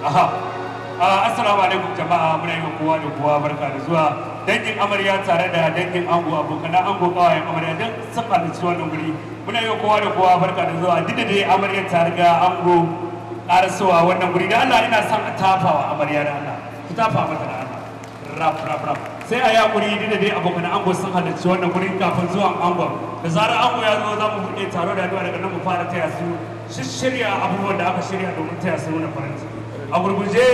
Ah, assalamu alaikum jama'a muna yi kowa da kowa barka da zuwa dangin amarya tare da dangin ango abokan ango kawai amarya don sun halarci wannan guri muna yi kowa da kowa barka da zuwa duk da dai amarya ta riga ango karasowa wannan guri da Allah ina son a tafawa amarya da Allah ku tafa mata da Allah rap rap rap sai a yakuri duk da dai abokan ango sun halarci wannan guri kafin zuwan ango da zarar ango ya zo za mu buɗe taro da addu'a daga nan mu fara taya su shirya abubuwan da aka shirya domin taya su nuna farin ciki a gurguje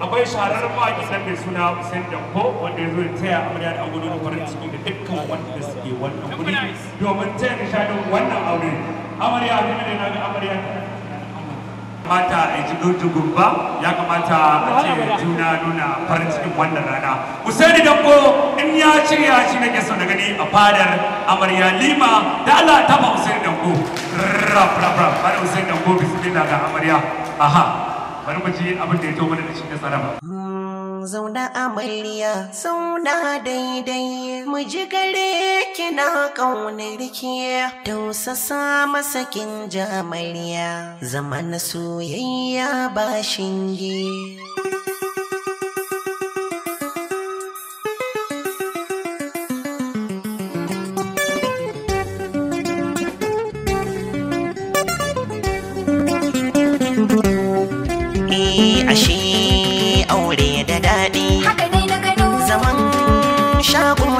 akwai shahararren mawaƙi nan mai suna Hussein Danko wanda ya zo taya amarya da agwado da farin ciki da dukkan wanda suke wannan guri domin taya nishadin wannan aure amarya ne ne na ga amarya mata a ji dodogun Gumba, ya kamata a ce juna nuna farin cikin wannan rana Hussein Danko in ya ce ya shi na kesa na gani a fadar amarya lima da Allah ta ba Hussein Danko rap rap rap bari Hussein Danko bismillah ga amarya aha bari mu ji abin da ya to mana da shi na tsaraba. Hmm, zauna amarya, zauna daidai, mu ji gare kina ƙaunar ki, tausasa masa kin jamariya, zama na soyayya ba shinge.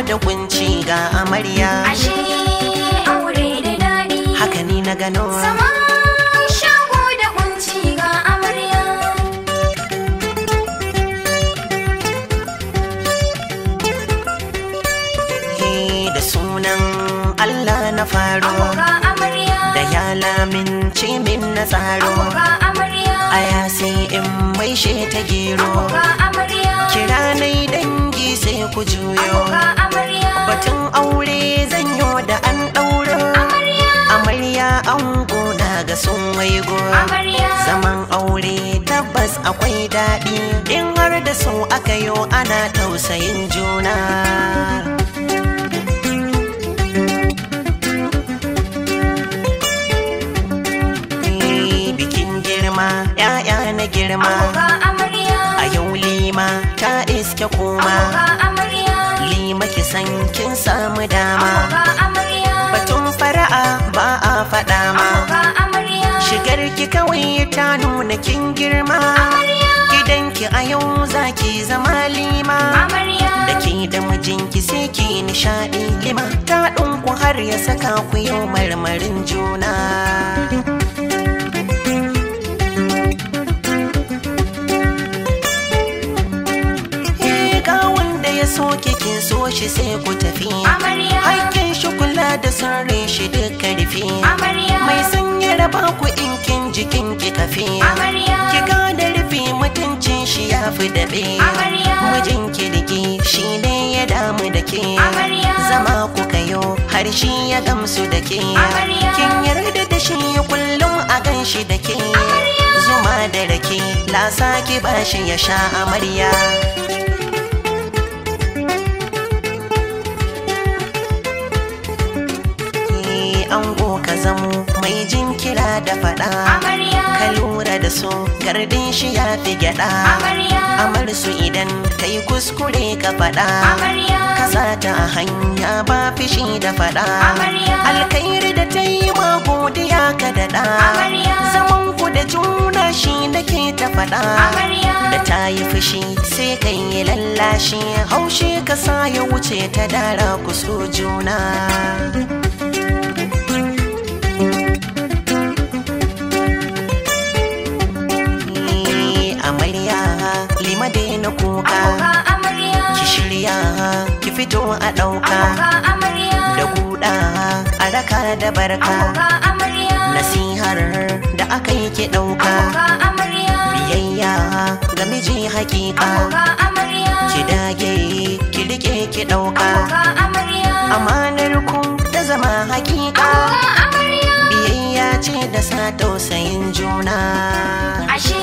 da kunci ga amarya ashe aure da daɗi. haka ni na gano sama shago da kunci ga amarya da sunan Allah na faro da ya lamince min na tsaro a ya sai in maishe ta gero ku juyo batun aure zanyo da an ɗauro amarya an gona ga sun waigo zaman aure tabbas akwai daɗi in har da sau aka yo ana tausayin juna kin girma ki a yau zaki zama lima da ke da mijinki sai ki nishaɗi lima ta ku har ya saka ku yau marmarin juna eh, so kike so shi sai ku tafi haƙƙin shi kula da sarre shi da karfi mai sanya raba ku jikin ki tafi ki da rufe mutuncin shi ya fi daɓe mijin kirki shi ne ya damu da ke zama ku kayo har shi ya gamsu da ke kin yarda da shi kullum a gan shi da ke zuma da rake lasa ki shi ya sha amarya eh, ango ka zamo kai jin kira da faɗa ka lura da su gardin shi ya fi gyaɗa amar su idan kai kuskure ka faɗa ka sata a hanya ba fishi da faɗa alkhairi da ta yi ma ya ka daɗa zaman ku da juna shi ke ta faɗa da ta yi fushi sai kai yi lallashi haushe ka sa ya wuce ta dara ku so juna na kuka ki shirya ki fito a ɗauka da guda a raka da barka nasihar da aka yi ki ɗauka biyayya ga miji hakika ki dage ki rike ki ɗauka amanar ku ta zama hakika biyayya ce da sa tausayin juna ashe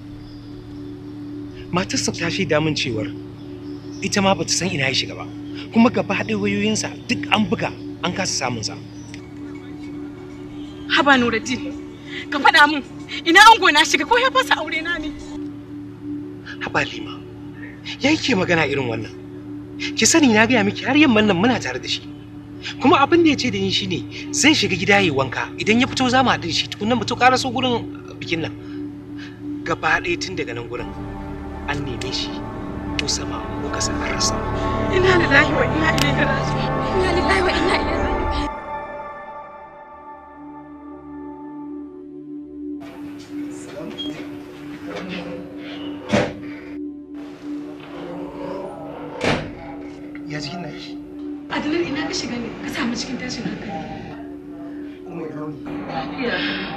matarsa ta shaida min cewar ita ma bata san ina ya shiga ba kuma gaba ɗaya wayoyinsa duk an buga an kasa samun sa haba nuruddin ka faɗa min ina ango na shiga ko ya fasa aure na ne haba lima ya yake magana irin wannan ki sani na gaya miki har yamman nan muna tare da shi kuma abin da ya ce da ni shine zai shiga gida yayi wanka idan ya fito za mu haɗu da shi tukunna mutu to ƙaraso gurin bikin nan gaba ɗaya tun daga nan gurin an neme shi ko sama ko kasa an rasa ina lillahi wa ina ilaihi raji'un ina lillahi wa ina ilaihi ya jikin na shi adalin ina ka shiga ne ka samu cikin tashin hankali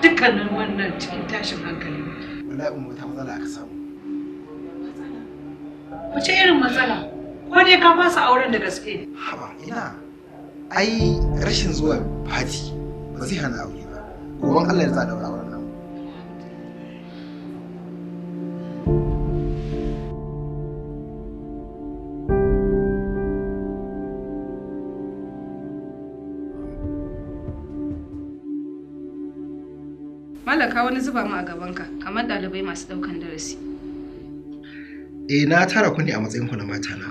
dukkanin wannan cikin tashin hankali wallahi umu ta matsala aka samu wace irin matsala ko dai ka fasa auren da gaske haba ina ai rashin zuwa fati ba zai hana aure ba gobe Allah ya sa daura auren nan Malaka wani zuba mu a gaban ka kamar ɗalibai masu ɗaukan darasi. eh na tara ku ne a matsayin ku na mata na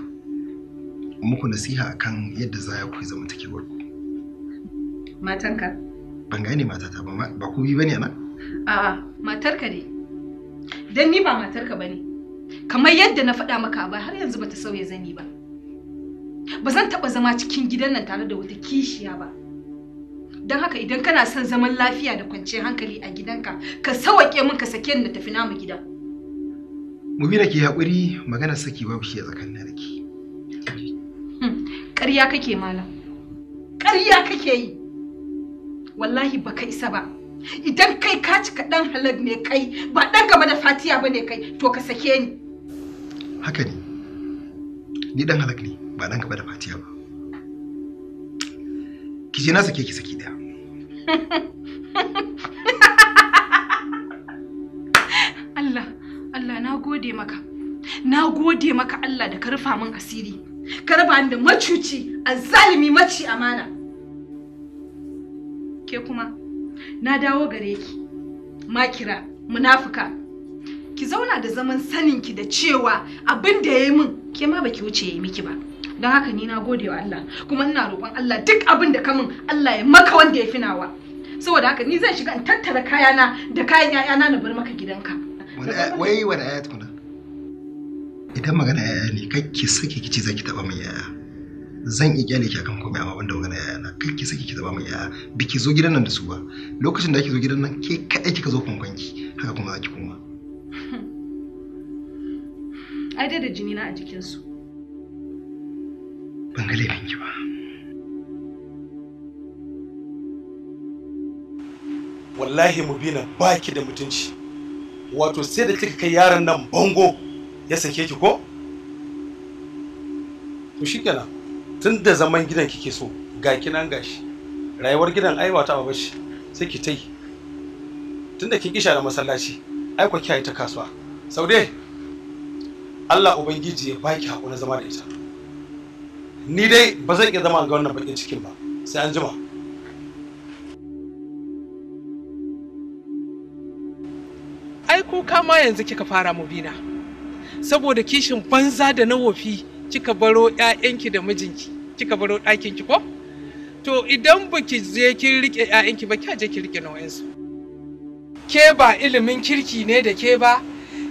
muku nasiha akan yadda za ku yi zamantakewar Matan matanka ban gane matata ba ba ku bi bane ana. a'a matarka ne dan ni ba matarka bane kamar yadda na faɗa maka ba har yanzu bata sauya zani ba ba zan taɓa zama cikin gidan nan tare da wata kishiya ba don haka idan kana son zaman lafiya da kwanciyar hankali a gidanka ka sawaƙe min ka sake ni na tafi namu gidan Mubina ke haƙuri magana saki babu shi a tsakanin da ke. Hmm. Ƙarya kake mala. Ƙarya kake yi. Wallahi ba ka isa ba. Idan kai ka cika ɗan halal ne kai ba ɗan gaba da fatiya ba ne kai to ka sake ni. Haka ne. Ni ɗan halak ne ba ɗan gaba da fatiya ba. Ki je na sake ki saki ɗaya. gode maka na gode maka Allah da ka rufa min asiri ka raba ni da macuci zalimi maci amana ke kuma na dawo gare ki makira munafuka ki zauna da zaman sanin ki da cewa abin da ya yi min ke ma baki wuce yayi miki ba don haka ni na gode wa Allah kuma ina roƙon Allah duk abin da ka min Allah ya maka wanda ya fi nawa saboda haka ni zan shiga in tattara kayana da kayan 'ya'yana na bar maka gidanka wai wani aya idan magana yaya ne kakki saki kici zaki taba yaya zan yi kyale ki akan komai amma banda magana yaya na kakki saki ki zaba min yaya biki zo gidan nan da su ba lokacin da ake zo gidan nan ke kadai kika zo kwanki haka kuma zaki kuma ai da jini na a jikin su ban ga laifin ki ba wallahi mubina baki da mutunci wato sai da kika kai yaron nan bango ya sake ki ko to shikenan tun da zaman gidan kike so ga kinan gashi rayuwar gidan ai wata ba bashi sai ki tai tun da kin kisha da masallaci ai ku kiyaye ta kasuwa saude Allah ubangiji ya baki hakuri zama da ita ni dai ba zan iya zama ga wannan bakin cikin ba sai an jima Kama yanzu kika fara mu mubina saboda kishin banza da na wofi kika baro ƴaƴanki da mijinki kika baro ɗakinki ko to idan baki je kin rike ƴaƴanki ba kya je ki rike nau'insu ke ba ilimin kirki ne da ke ba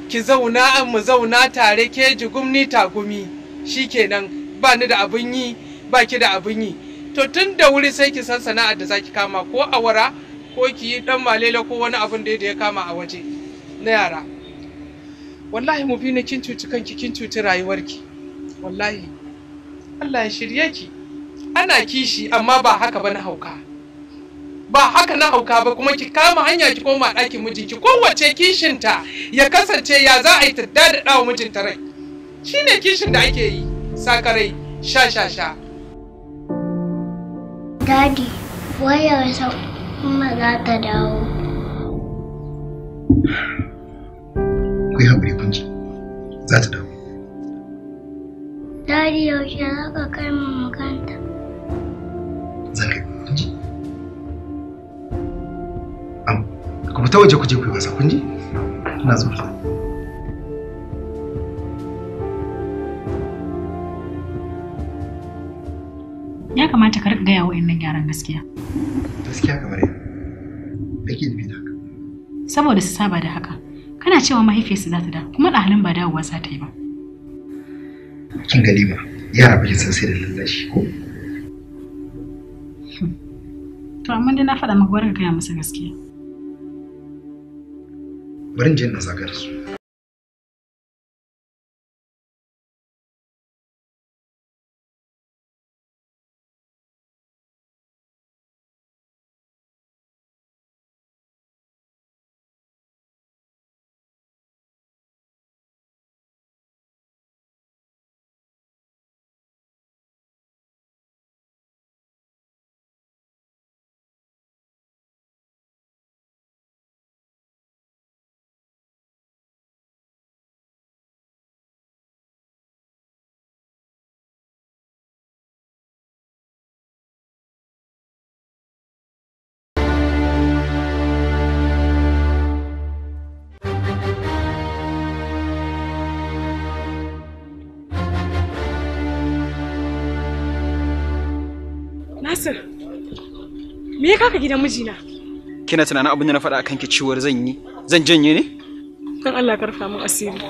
ki zauna an mu zauna tare ke jigumni tagumi shikenan ba ni da abin yi ba ki da abin yi to tun da wuri sai ki san sana'ar da zaki kama ko awara ko ki yi dan malele ko wani abin da ya kama a waje na yara wallahi mu bi na kin cuci kanki kin cuci rayuwarki wallahi Allah ya shirye ki ana kishi amma ba haka ba na hauka ba haka na hauka ba kuma ki kama hanya ki koma ɗakin mijinki kowace kishinta ya kasance ya za a yi ta daɗaɗa wa mijinta rai shine kishin da ake yi sakarai sha sha sha Daddy, wayar sa kuma za ta dawo. haƙuri kwanci za ta dawo Dari yaushe za ka kai mu makaranta? Zan kai kwanci. Am, ku fita waje ku je ku yi wasa kun ji? Ina zuwa. ya kamata ka rika gaya nan gyaran gaskiya. Gaskiya kamar yau. Ake nufi da haka. Saboda su saba da haka. kana cewa mahaifiyarsa za ta da kuma ɗalin ba dawowa za ta yi ba. Kin galima yara ba san sai da lallashi To amma dai na faɗa maka ka gaya masa gaskiya. Bari in je na zagar su. Me ya kaka gidan mijina? Kina tunanin abin da na faɗa akan ki ciwar zan yi? Zan janye ne? Dan Allah karfa min asiri.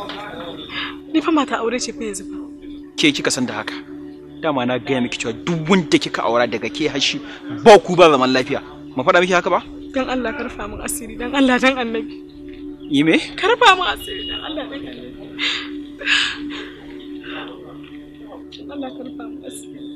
Ni fa mata aure ce fa yanzu fa. Ke kika san da haka. Dama na gaya miki cewa duk wanda kika aura daga ke hashi ba ku ba zaman lafiya. Ma faɗa miki haka ba? Dan Allah karfa min asiri dan Allah dan Annabi. Yi me? Karfa min asiri dan Allah dan Annabi. Allah karfa min asiri.